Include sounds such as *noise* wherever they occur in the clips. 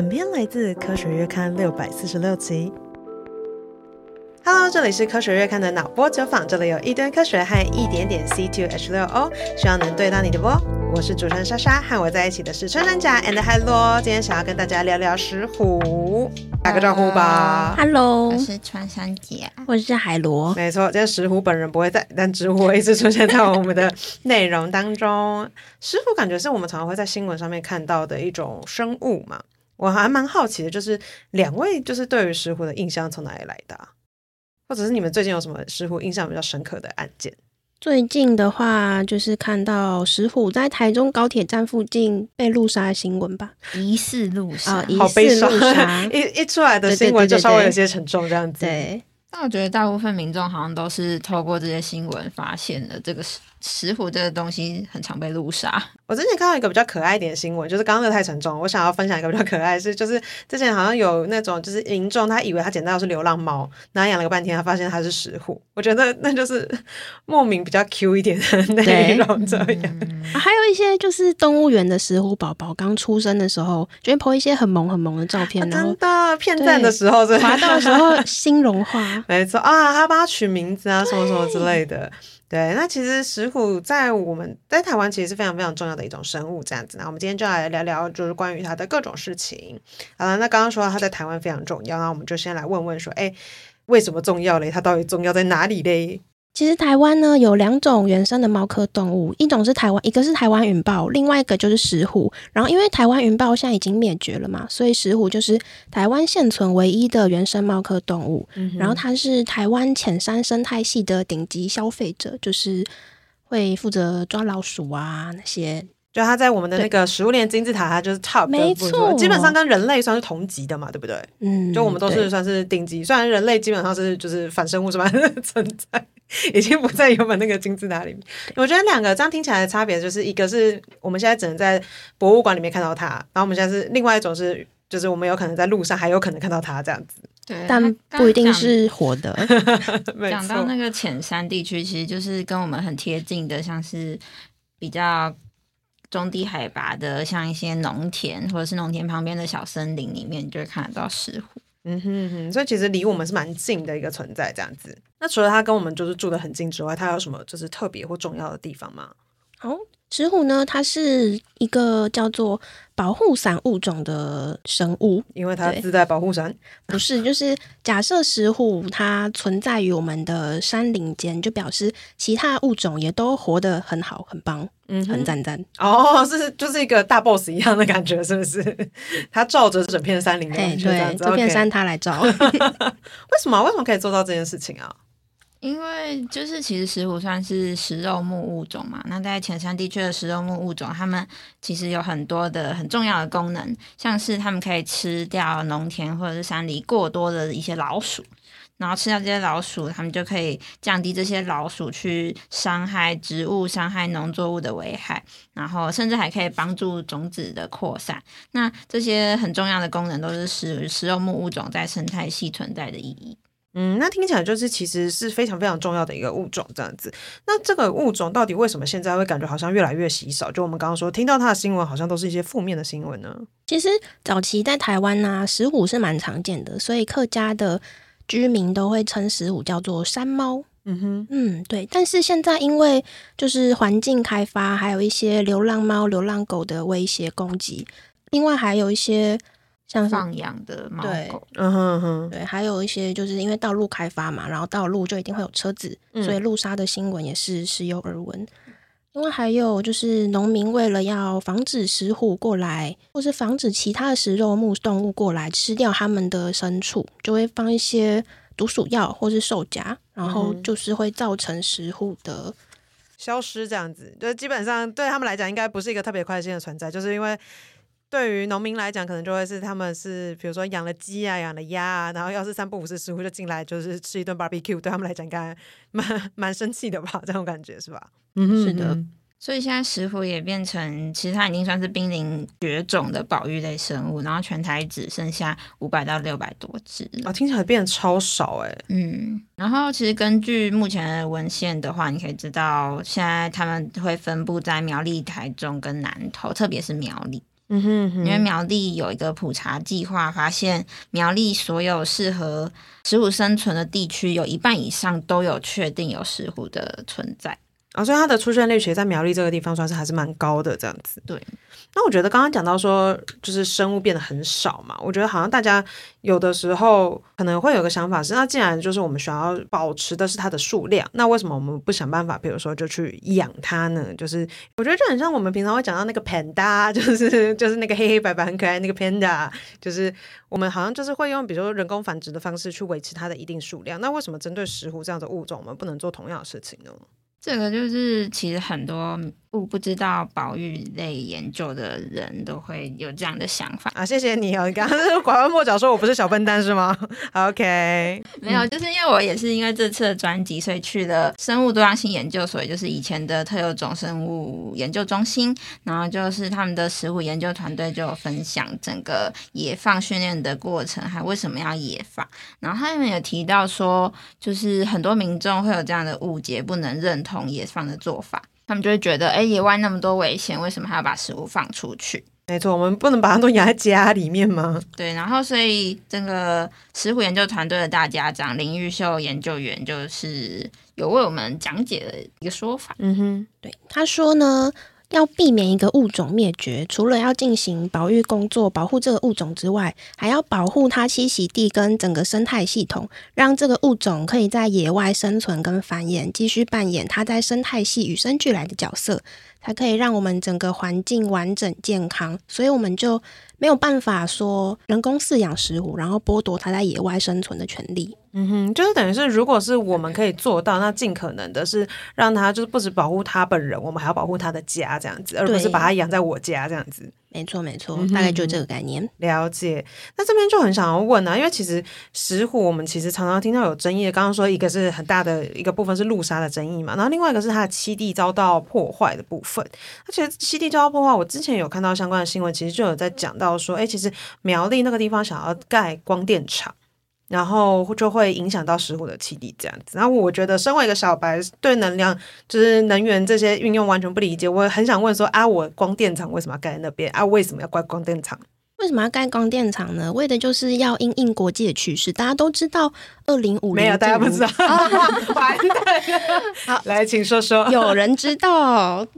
本篇來自《科學月刊》六百四十六期。Hello，這裡是《科學月刊》的腦波酒坊，這裡有一噸科學和一點點 C2H6O，希望能對到你的波。我是主持人莎莎，和我在一起的是穿山甲 and hello，今天想要跟大家聊聊石虎，打個招呼吧。Uh, hello，我是穿山甲，我是海螺。沒錯，今天石虎本人不會在，但石虎一直出現在 *laughs* 我們的內容當中。石虎感覺是我們常常會在新聞上面看到的一種生物嘛？我還蠻好奇的，就是兩位就是對於石虎的印象從哪裡來的、啊，或者是你們最近有什麼石虎印象比較深刻的案件？最近的話，就是看到石虎在台中高鐵站附近被路殺的新聞吧，疑似路殺、呃，疑似路殺，好悲傷， *laughs* 一一出來的新聞就稍微有些沉重這樣子。對、對、對、對、對、對，但 *laughs* 我覺得大部分民眾好像都是透過這些新聞發現了這個事。石虎這個東西很常被路殺。我之前看到一個比較可愛一點的新聞，就是剛剛那個太沉重。我想要分享一個比較可愛的是，就是之前好像有那種就是民眾他以為他撿到是流浪貓，然後養了個半天，他發現它是石虎。我覺得那就是莫名比較 Q 一點的那種這樣。還有一些就是動物園的石虎寶寶剛出生的時候，就會拍一些很萌很萌的照片，啊、真然後的騙讚的時候，真的時候心 *laughs* 融化，沒錯啊，他要幫他取名字啊，什麼什麼，什麼之類的。對，那其實石虎在我們在台灣其實是非常非常重要的一種生物，這樣子。那我們今天就來聊聊，就是關於它的各種事情。好了，那剛剛說到它在台灣非常重要，那我們就先來問問說，哎、欸，為什麼重要嘞？它到底重要在哪裡嘞？其實台灣呢有兩種原生的貓科動物，一種是台灣，一個是台灣雲豹，另外一個就是石虎。然後因為台灣雲豹現在已經滅絕了嘛，所以石虎就是台灣現存唯一的原生貓科動物。嗯、然後它是台灣淺山生態系的頂級消費者，就是會負責抓老鼠啊那些。就它在我們的那個食物鏈金字塔，它就是 top，沒錯、哦，基本上跟人類算是同級的嘛，對不對？嗯，就我們都是算是頂級，雖然人類基本上是就是反生物什麼的存在。 *laughs* 已經不在原本那個金字塔裡面。我覺得兩個這樣聽起來的差別，就是一個是我們現在只能在博物館裡面看到它，然後我們現在是另外一種是，就是我們有可能在路上還有可能看到它這樣子。對，但不一定是活的。講到那個淺山地區，其實就是跟我們很貼近的，像是比較中低海拔的，像一些農田或者是農田旁邊的小森林裡面，就會看得到石虎。嗯哼嗯哼，所以其實離我們是蠻近的一個存在，這樣子。那除了他跟我們就是住得很近之外，他有什麼就是特別或重要的地方嗎？好。石虎呢，它是一個叫做保護傘物種的生物，因為它自帶保護傘。不是，就是假設石虎它存在於我們的山林間，就表示其他物種也都活得很好、很棒，嗯，很讚讚。哦，是，就是一個大 boss 一樣的感覺，是不是？ *laughs* 它照着整片山林，對，整片山它來照。 *laughs* *laughs* 為什麼？為什麼可以做到這件事情啊？因為就是其實石虎算是食肉目物種嘛，那在淺山地區的食肉目物種，它們其實有很多的很重要的功能，像是它們可以吃掉農田或者是山裡過多的一些老鼠，然後吃掉這些老鼠，它們就可以降低這些老鼠去傷害植物、傷害農作物的危害，然後甚至還可以幫助種子的擴散。那這些很重要的功能都是食食肉目物種在生態系存在的意義。嗯，那聽起來就是其實是非常非常重要的一個物種，這樣子。那這個物種到底為什麼現在會感覺好像越來越稀少？就我們剛剛說，聽到它的新聞好像都是一些負面的新聞呢。其實早期在台灣呢啊，石虎是蠻常見的，所以客家的居民都會稱石虎叫做山貓。嗯哼，嗯，對。但是現在因為就是環境開發，還有一些流浪貓、流浪狗的威脅攻擊，另外還有一些。像放養的貓狗，嗯哼哼，對，還有一些就是因為道路開發嘛，然後道路就一定會有車子，嗯、所以路殺的新聞也是時有耳聞。因為還有就是農民為了要防止石虎過來，或是防止其他的食肉目動物過來吃掉他們的牲畜，就會放一些毒鼠藥或是獸夾，然後就是會造成石虎的、嗯、消失，這樣子，就基本上對他們來講應該不是一個特別開心的存在，就是因為。對於農民來講，可能就會是他們是比如說養了雞啊，養了鴨啊，然後要是三不五時石虎就進來，就是吃一頓 barbecue，對他們來講，應該蠻蠻生氣的吧？這種感覺是吧？嗯，是的。所以現在石虎也變成，其實它已經算是瀕臨絕種的保育類生物，然後全台只剩下五百到六百多只哦，聽起來變得超少哎。嗯，然後其實根據目前的文獻的話，你可以知道現在他們會分布在苗栗、台中跟南投，特別是苗栗。嗯哼，因為苗栗有一個普查計劃，發現苗栗所有適合石虎生存的地區，有一半以上都有確定有石虎的存在。啊，所以它的出現率其實，在苗栗這個地方算是還是蠻高的這樣子。對，那我覺得剛剛講到說，就是生物變得很少嘛，我覺得好像大家有的時候可能會有個想法是，那既然就是我們想要保持的是它的數量，那為什麼我們不想辦法，比如說就去養它呢？就是我覺得就很像我們平常會講到那個 panda，就是就是那個黑黑白白很可愛那個 panda，就是我們好像就是會用比如說人工繁殖的方式去維持它的一定數量。那為什麼針對石虎這樣的物種，我們不能做同樣的事情呢？這個就是，其實很多。我不知道保育類研究的人都會有這樣的想法啊！謝謝你哦，你剛剛是拐彎抹角說我不是小笨蛋 *laughs* 是嗎？OK，嗯，沒有，就是因為我也是因為這次的專輯，所以去了生物多樣性研究所，也就是以前的特有種生物研究中心，然後就是他們的石虎研究團隊就分享整個野放訓練的過程，還為什麼要野放，然後他們有提到說，就是很多民眾會有這樣的誤解，不能認同野放的做法。他們就會覺得，哎、欸，野外那麼多危險，為什麼還要把石虎放出去？沒錯，我們不能把它們養在家裡面嗎？對，然後所以這個石虎研究團隊的大家長林玉秀研究員就是有為我們講解了一個說法。嗯哼，對，他說呢。要避免一個物種滅絕，除了要進行保育工作，保護這個物種之外，還要保護它棲息地跟整個生態系統，讓這個物種可以在野外生存跟繁衍，繼續扮演它在生態系與生俱來的角色。才可以讓我們整個環境完整健康，所以我們就沒有辦法說人工飼養石虎，然後剝奪它在野外生存的權利。嗯哼，就是等於是，如果是我們可以做到，那盡可能的是讓它就是不止保護它本人，我們還要保護它的家這樣子，而不是把它養在我家這樣子。沒錯，沒錯，大概就這個概念。嗯、了解。那這邊就很想要問啊，因為其實石虎，我們其實常常聽到有爭議。剛剛說一個是很大的一個部分是路殺的爭議嘛，然後另外一個是它的棲地遭到破壞的部分。而且棲地遭到破壞，我之前有看到相關的新聞，其實就有在講到說，哎，其實苗栗那個地方想要蓋光電場，然後就會影響到石虎的氣力這樣子。然後我覺得身為一個小白，對能量就是能源這些運用完全不理解。我很想問說，啊，我光電廠為什麼要蓋在那邊？啊，為什麼要蓋光電廠？為什麼要蓋光電廠呢？為的就是要因應國際的趨勢。大家都知道2050，二零五沒有，大家不知道，煩 *laughs* 完蛋了 *laughs* 好，來，請說說。有人知道？ *laughs*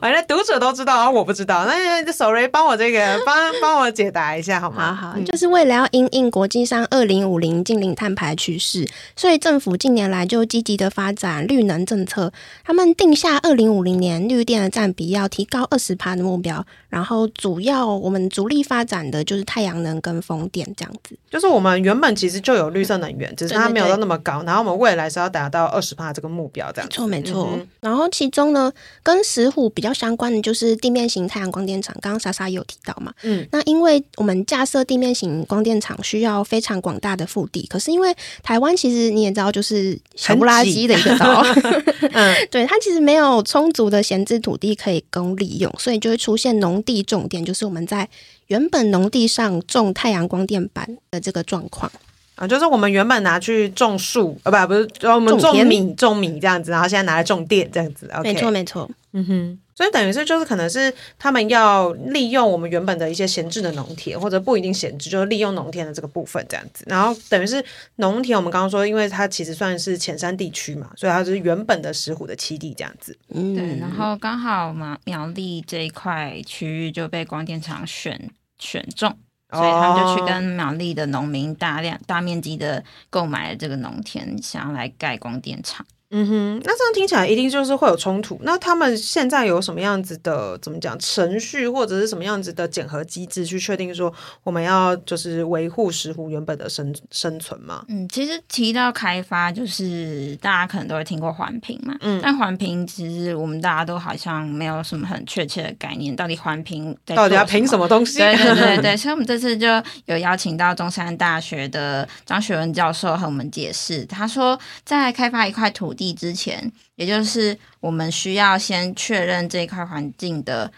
反 *laughs* 正讀者都知道啊，我不知道。那守睿幫我這個，幫幫我解答一下好嗎？好，好、嗯，就是為了要因應國際上二零五零淨零碳排趨勢，所以政府近年來就積極的發展綠能政策。他們定下二零五零年綠電的佔比要提高二十趴的目標。然後主要我們主力發展的就是太陽能跟風電這樣子。就是我們原本其實就有綠色能源，嗯、只是它沒有到那麼高對對對。然後我們未來是要達到二十趴這個目標，這樣子。沒錯沒錯、嗯。然後其其中呢，跟石虎比較相關的就是地面型太陽光電廠，剛剛莎莎也有提到嘛，嗯，那因為我們架設地面型光電廠需要非常廣大的腹地，可是因為台灣其實你也知道，就是小不拉幾的一個島， *laughs* 嗯， *laughs* 對，它其實沒有充足的閒置土地可以供利用，所以就會出現農地種電，就是我們在原本農地上種太陽光電板的這個狀況。啊，就是我們原本拿去種樹，呃，不，不是，我們種米種田，種米這樣子，然後現在拿來種電這樣子，okay，沒錯，沒錯，嗯哼，所以等於是就是可能是他們要利用我們原本的一些閒置的農田，或者不一定閒置，就是、利用農田的這個部分這樣子，然後等於是農田，我們剛剛說，因為它其實算是淺山地區嘛，所以它就是原本的石虎的棲地這樣子，嗯、對，然後剛好嘛，苗栗這一塊區域就被光電場選選中。所以他們就去跟苗栗的農民大量、大面積的購買了這個農田，想要來蓋光電廠。嗯哼，那這樣聽起來一定就是會有衝突。那他們現在有什麼樣子的，怎麼講程序或者是什麼樣子的檢核機制，去確定說我們要就是維護石虎原本的生生存嗎？嗯，其實提到開發，就是大家可能都會聽過環評嘛。嗯，但環評其實我們大家都好像沒有什麼很確切的概念，到底環評到底要評什麼東西？對對，對對對，所以我們這次就有邀請到中山大學的張學文教授和我們解釋。他說，在開發一塊土地。地之前，也就是我們需要先確認這塊環境的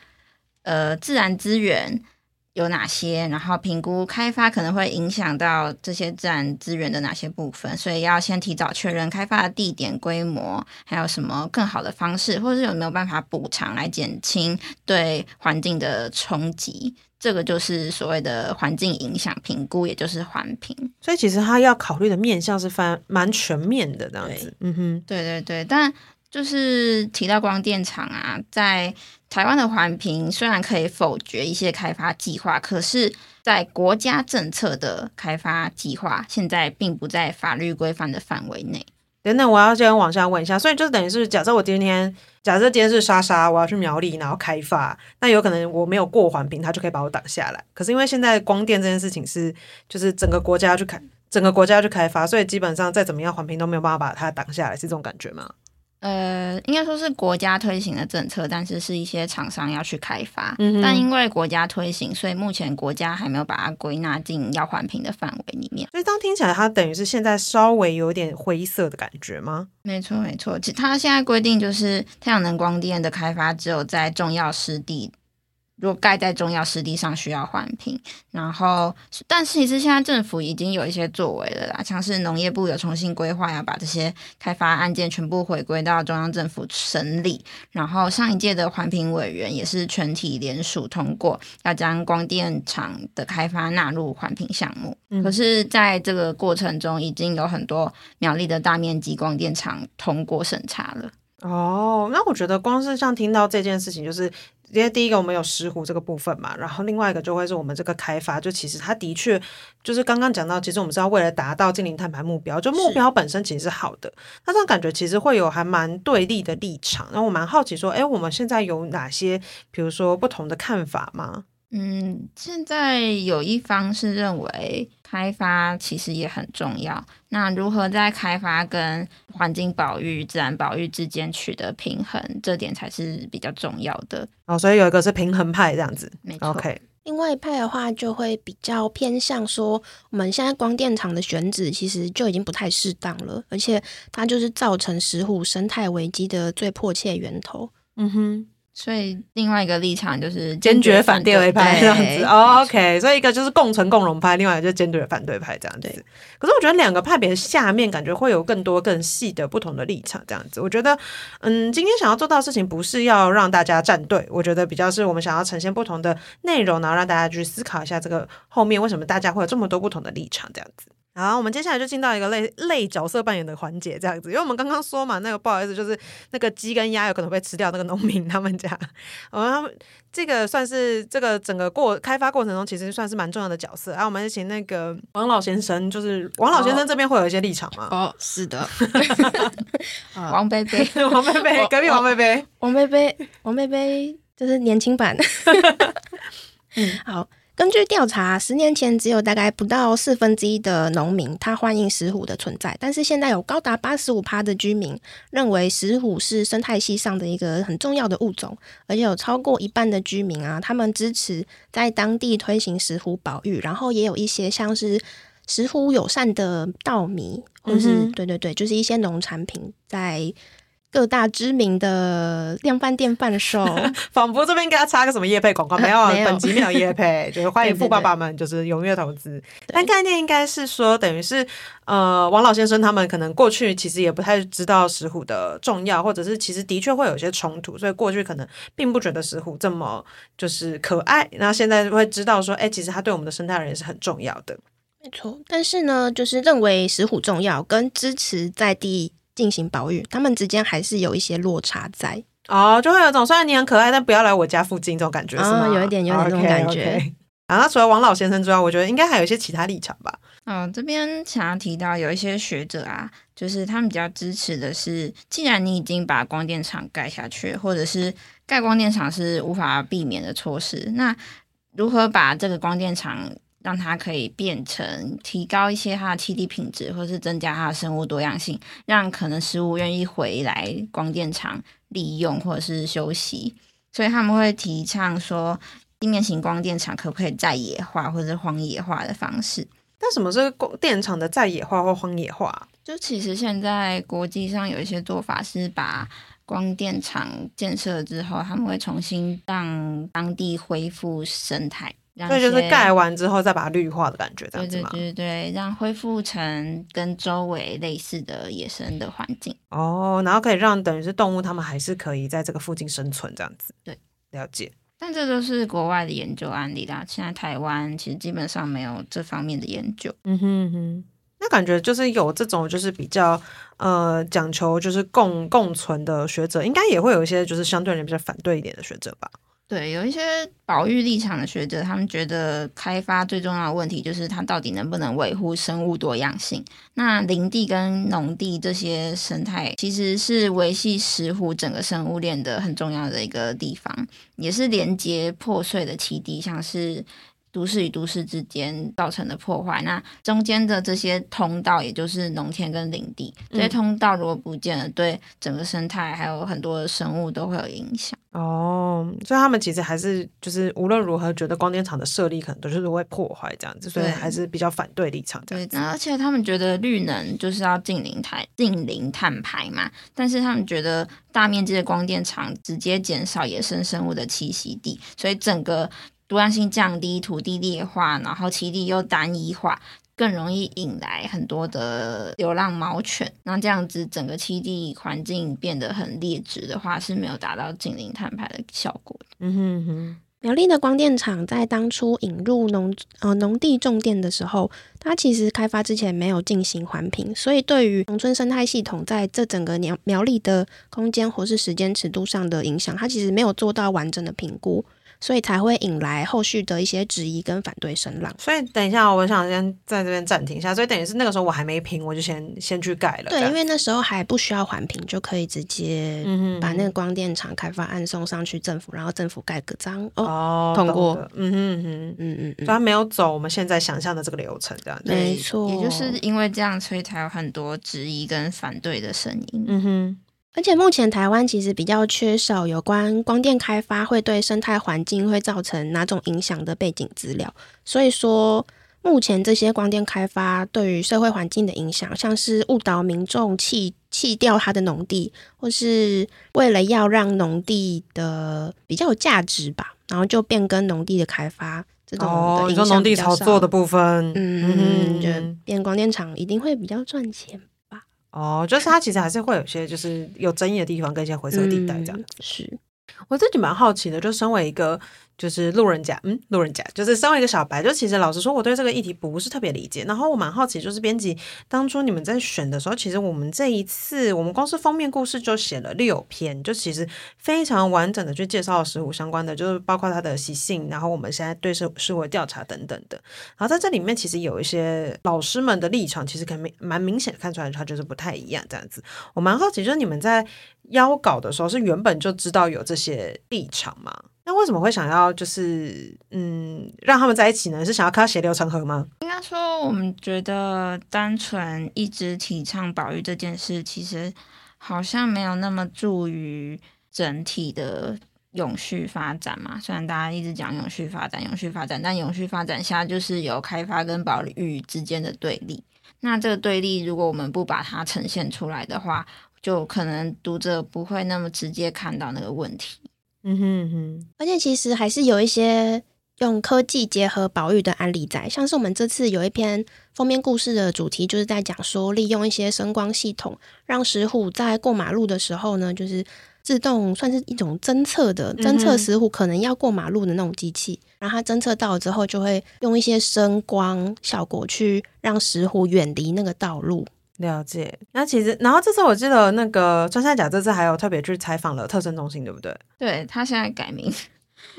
呃自然資源有哪些，然後評估開發可能會影響到這些自然資源的哪些部分，所以要先提早確認開發的地點、規模，還有什麼更好的方式，或者是有沒有辦法補償來減輕對環境的衝擊。這個就是所謂的環境影響評估，也就是環評。所以其實他要考慮的面向是蠻蠻全面的這樣子。嗯哼，對對對。但就是提到光電場啊，在台灣的環評雖然可以否決一些開發計劃，可是在國家政策的開發計劃，現在並不在法律規範的範圍內。等等，我要先往下問一下。所以就等於是，假設我今天，假設今天是莎莎，我要去苗栗，然後開發，那有可能我沒有過環評，他就可以把我擋下來。可是因為現在光電這件事情是，就是整個國家要去開，整個國家要去開發，所以基本上再怎麼樣環評都沒有辦法把它擋下來，是這種感覺嗎？呃，應該說是國家推行的政策，但是是一些廠商要去開發、嗯。但因為國家推行，所以目前國家還沒有把它歸納進要環評的範圍裡面。所以當聽起來，它等於是現在稍微有點灰色的感覺嗎？沒錯，沒錯。其實它現在規定就是太陽能光電的開發，只有在重要濕地。若蓋在重要濕地上，需要環評。然後，但是其實現在政府已經有一些作為了啦，像是農業部有重新規劃，要把這些開發案件全部回歸到中央政府審理。然後上一屆的環評委員也是全體聯署通過，要將光電場的開發納入環評項目。嗯。可是，在這個過程中，已經有很多苗栗的大面積光電場通過審查了。哦，那我覺得光是像聽到這件事情，就是。因為第一個我們有石虎這個部分嘛，然後另外一個就會是我們這個開發，就其實它的確就是剛剛講到，其實我們知道為了達到淨零碳排目標，就目標本身其實是好的，那這樣感覺其實會有還蠻對立的立場，那我蠻好奇說，哎、欸，我們現在有哪些比如說不同的看法嗎？嗯，現在有一方是認為開發其實也很重要，那如何在開發跟環境保育、自然保育之間取得平衡，這點才是比較重要的。哦，所以有一個是平衡派這樣子沒錯，OK。另外一派的話，就會比較偏向說，我們現在光電場的選址其實就已經不太適當了，而且它就是造成石虎生態危機的最迫切源頭。嗯哼。所以另外一個立場就是堅決反對，堅決反對派這樣子，哦，OK。所以一個就是共存共榮派，另外一個就是堅決反對派這樣子。可是我覺得兩個派別的下面，感覺會有更多更細的不同的立場這樣子。我覺得，嗯，今天想要做到的事情，不是要讓大家站隊，我覺得比較是我們想要呈現不同的內容，然後讓大家去思考一下這個後面為什麼大家會有這麼多不同的立場這樣子。好，我們接下來就進到一個類類角色扮演的環節，這樣子，因為我們剛剛說嘛，那個不好意思，就是那個雞跟鴨有可能會吃掉，那個農民他們家，我、哦、們這個算是這個整個過開發過程中，其實算是蠻重要的角色。後、啊、我們請那個王老先生，就是王老先生這邊會有一些立場嗎？哦，是的，王貝貝，王貝貝，隔壁王貝貝，王貝貝，王貝貝就是年輕版的。 *laughs* *laughs* 嗯，好。根據調查，十年前只有大概不到四分之一的農民他歡迎石虎的存在，但是現在有高達八十五趴的居民認為石虎是生態系上的一個很重要的物種，而且有超過一半的居民啊，他們支持在當地推行石虎保育，然後也有一些像是石虎友善的稻米，或是、嗯、對對對，就是一些農產品在。各大知名的量販店販售， *laughs* 仿佛這邊給他插個什麼業配廣告，沒有、啊， *laughs* 沒有 *laughs* 本集沒有業配，就是歡迎富爸爸們，就是踴躍投資。但概念應該是說，等於是呃，王老先生他們可能過去其實也不太知道石虎的重要，或者是其實的確會有些衝突，所以過去可能並不覺得石虎這麼就是可愛。那現在會知道說，哎、欸，其實他對我們的生態人也是很重要的。沒錯，但是呢，就是認為石虎重要跟支持在地。進行保育，他們之間還是有一些落差在。哦，就會有種雖然你很可愛，但不要來我家附近這種感覺，是嗎？哦，有一點有一點 okay，這種感覺。Okay. 啊，那除了王老先生之外，我覺得應該還有一些其他立場吧。嗯、哦，這邊想要提到有一些學者啊，就是他們比較支持的是，既然你已經把光電場蓋下去，或者是蓋光電場是無法避免的措施，那如何把這個光電場，讓它可以變成提高一些它的棲地品質，或是增加它的生物多樣性，讓可能食物願意回來光電場利用或者是休息。所以他們會提倡說，地面型光電場可不可以再野化或者是荒野化的方式？但什麼是光電場的再野化或荒野化？就其實現在國際上有一些做法是把光電場建設之後，他們會重新讓當地恢復生態。所以就是蓋完之後，再把它綠化的感覺，這樣子嘛。對對對對，讓恢復成跟周圍類似的野生的環境。哦，然後可以讓等於是動物，它們還是可以在這個附近生存，這樣子。對，了解。但這都是國外的研究案例啦，現在台灣其實基本上沒有這方面的研究。嗯哼嗯哼，那感覺就是有這種就是比較呃講求就是共共存的學者，應該也會有一些就是相對人比較反對一點的學者吧。對，有一些保育立場的學者，他們覺得開發最重要的問題就是它到底能不能維護生物多樣性。那林地跟農地這些生態其實是維繫石虎整個生物鏈的很重要的一個地方，也是連接破碎的棲地，像是都市與都市之間造成的破壞。那中間的這些通道，也就是農田跟林地，這些通道如果不見了，對整個生態還有很多的生物都會有影響。哦。嗯、所以他們其實還是就是無論如何覺得光電場的設立可能都是會破壞這樣子，所以還是比較反對立場。對，那而且他們覺得綠能就是要淨零碳，淨零碳排嘛，但是他們覺得大面積的光電場直接減少野生生物的棲息地，所以整個多樣性降低、土地劣化，然後棲地又單一化。更容易引來很多的流浪貓犬，那這樣子整個棲地環境變得很劣質的話，是沒有達到淨零碳排的效果的。嗯哼哼，苗栗的光電場，在當初引入農呃農地種電的時候，它其實開發之前沒有進行環評，所以對於農村生態系統在這整個苗苗栗的空間或是時間尺度上的影響，它其實沒有做到完整的評估。所以才會引來後續的一些質疑跟反對聲浪。所以等一下，我想先在這邊暫停一下。所以等於是那個時候我還沒評，我就先先去改了。對，因為那時候還不需要環評，就可以直接把那個光電廠開發案送上去政府，然後政府蓋個章哦，哦，通過。嗯哼嗯哼嗯嗯嗯，所以它沒有走我們現在想象的這個流程，這樣子。沒錯。也就是因為這樣，所以才有很多質疑跟反對的聲音。嗯哼。而且目前台灣其實比較缺少，有關光電開發會對生態環境會造成哪種影響的背景資料，所以說目前這些光電開發對於社會環境的影響，像是誤導民眾棄棄掉他的農地，或是為了要讓農地的比較有價值吧，然後就變更農地的開發這種，哦，你說農地炒作的部分，嗯，就變光電廠一定會比較賺錢。哦，就是它其實還是會有些就是有爭議的地方跟一些灰色地帶這樣的，嗯，是，我自己蠻好奇的，就是身為一個，就是路人甲，嗯，路人甲就是身為一個小白，就其實老實說，我對這個議題不是特別理解。然後我蠻好奇，就是編輯當初你們在選的時候，其實我們這一次我們公司封面故事就寫了六篇，就其實非常完整的去介紹了石虎相關的，就是包括它的習性，然後我們現在對社社會調查等等的。然後在這裡面，其實有一些老師們的立場，其實可能蠻明顯的看出來，它就是不太一樣這樣子。我蠻好奇，就是你們在邀稿的時候，是原本就知道有這些立場嗎？那為什麼會想要就是嗯讓他們在一起呢？是想要看血流成河嗎？應該說，我們覺得單純一直提倡保育這件事，其實好像沒有那麼助於整體的永續發展嘛。雖然大家一直講永續發展、永續發展，但永續發展下就是有開發跟保育之間的對立。那這個對立，如果我們不把它呈現出來的話，就可能讀者不會那麼直接看到那個問題。嗯哼哼，而且其實還是有一些用科技結合保育的案例在，像是我們這次有一篇封面故事的主題，就是在講說利用一些聲光系統，讓石虎在過馬路的時候呢，就是自動算是一種偵測的，偵測石虎可能要過馬路的那種機器，然後它偵測到了之後，就會用一些聲光效果去讓石虎遠離那個道路。了解，那其實，然後這次我記得那個穿山甲這次還有特別去採訪了特生中心，對不對？對他現在改名。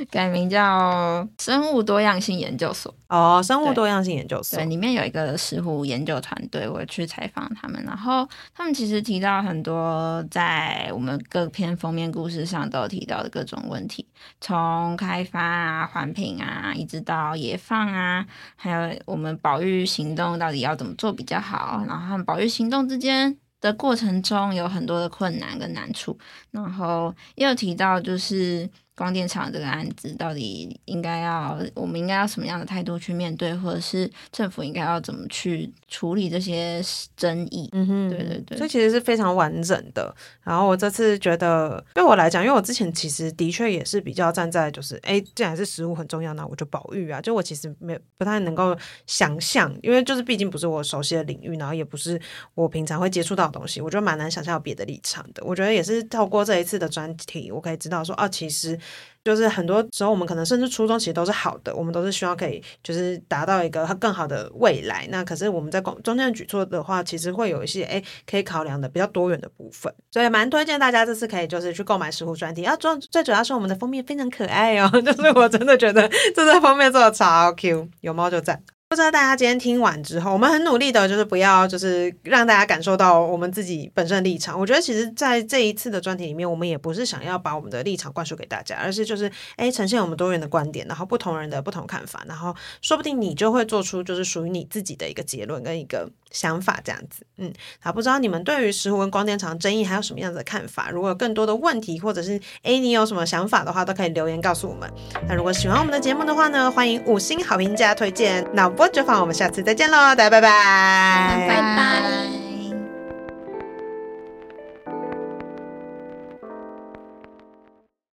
改名叫生物多樣性研究所哦，oh, 生物多樣性研究所對,對，裡面有一個石虎研究團隊，我去採訪他們，然後他們其實提到很多在我們各篇封面故事上都有提到的各種問題，從開發啊、環評啊，一直到野放啊，還有我們保育行動到底要怎麼做比較好，然後保育行動之間的過程中有很多的困難跟難處，然後也有提到就是。光電場這個案子到底應該要，我們應該要什麼樣的態度去面對，或者是政府應該要怎麼去處理這些爭議？嗯哼，對對對，所以其實是非常完整的。然後我這次覺得，對我來講，因為我之前其實的確也是比較站在就是，哎、欸，既然是石虎很重要，那我就保育啊。就我其實沒不太能夠想象，因為就是畢竟不是我熟悉的領域，然後也不是我平常會接觸到的東西，我覺得蠻難想象有別的立場的。我覺得也是透過這一次的專題，我可以知道說，哦、啊，其實。就是很多時候，我們可能甚至初衷其實都是好的，我們都是希望可以就是達到一個更好的未來。那可是我們在中間舉措的話，其實會有一些誒、欸、可以考量的比較多元的部分。所以蠻推薦大家這次可以就是去購買石虎專題啊，最最主要是我們的封面非常可愛哦，就是我真的覺得這張封面做的超 Q，有貓就贊。不知道大家今天聽完之後，我們很努力的就是不要，就是讓大家感受到我們自己本身的立場。我覺得其實在這一次的專題裡面，我們也不是想要把我們的立場灌輸給大家，而是就是哎，呈現我們多元的觀點，然後不同人的不同看法，然後說不定你就會做出就是屬於你自己的一個結論跟一個想法這樣子。嗯，好，不知道你們對於石虎跟光電場爭議還有什麼樣子的看法？如果有更多的問題，或者是哎、啊、你有什麼想法的話，都可以留言告訴我們。那如果喜歡我們的節目的話呢，歡迎五星好評加推薦。那。腦波酒坊，我們下次再見嘍，大家拜拜！拜拜。拜拜拜拜。